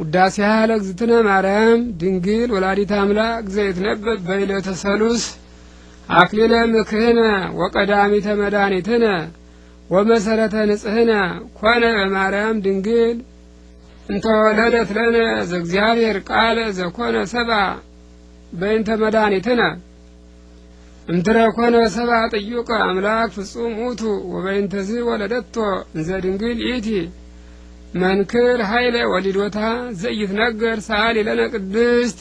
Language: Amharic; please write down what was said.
ውዳሴ ውዳሴሃ ለእግዝእትነ ማርያም ድንግል ወላዲተ አምላክ ዘይትነበብ በይለተ ሰሉስ አክሊለ ምክህነ ወቀዳሚተ መድኃኒትነ ወመሰረተ ንጽህነ ኮነ በማርያም ድንግል እንተወለደት ለነ ዘእግዚአብሔር ቃለ ዘኮነ ሰባ በእንተ መድኃኒትነ እምትረ ኮነ ሰባ ጥዩቀ አምላክ ፍጹም ውእቱ ወበእንተዝ ወለደቶ እንዘ ድንግል ይእቲ መንክር ኃይለ ወሊዶታ ዘይትነገር ሰአሊ ለነ ቅድስት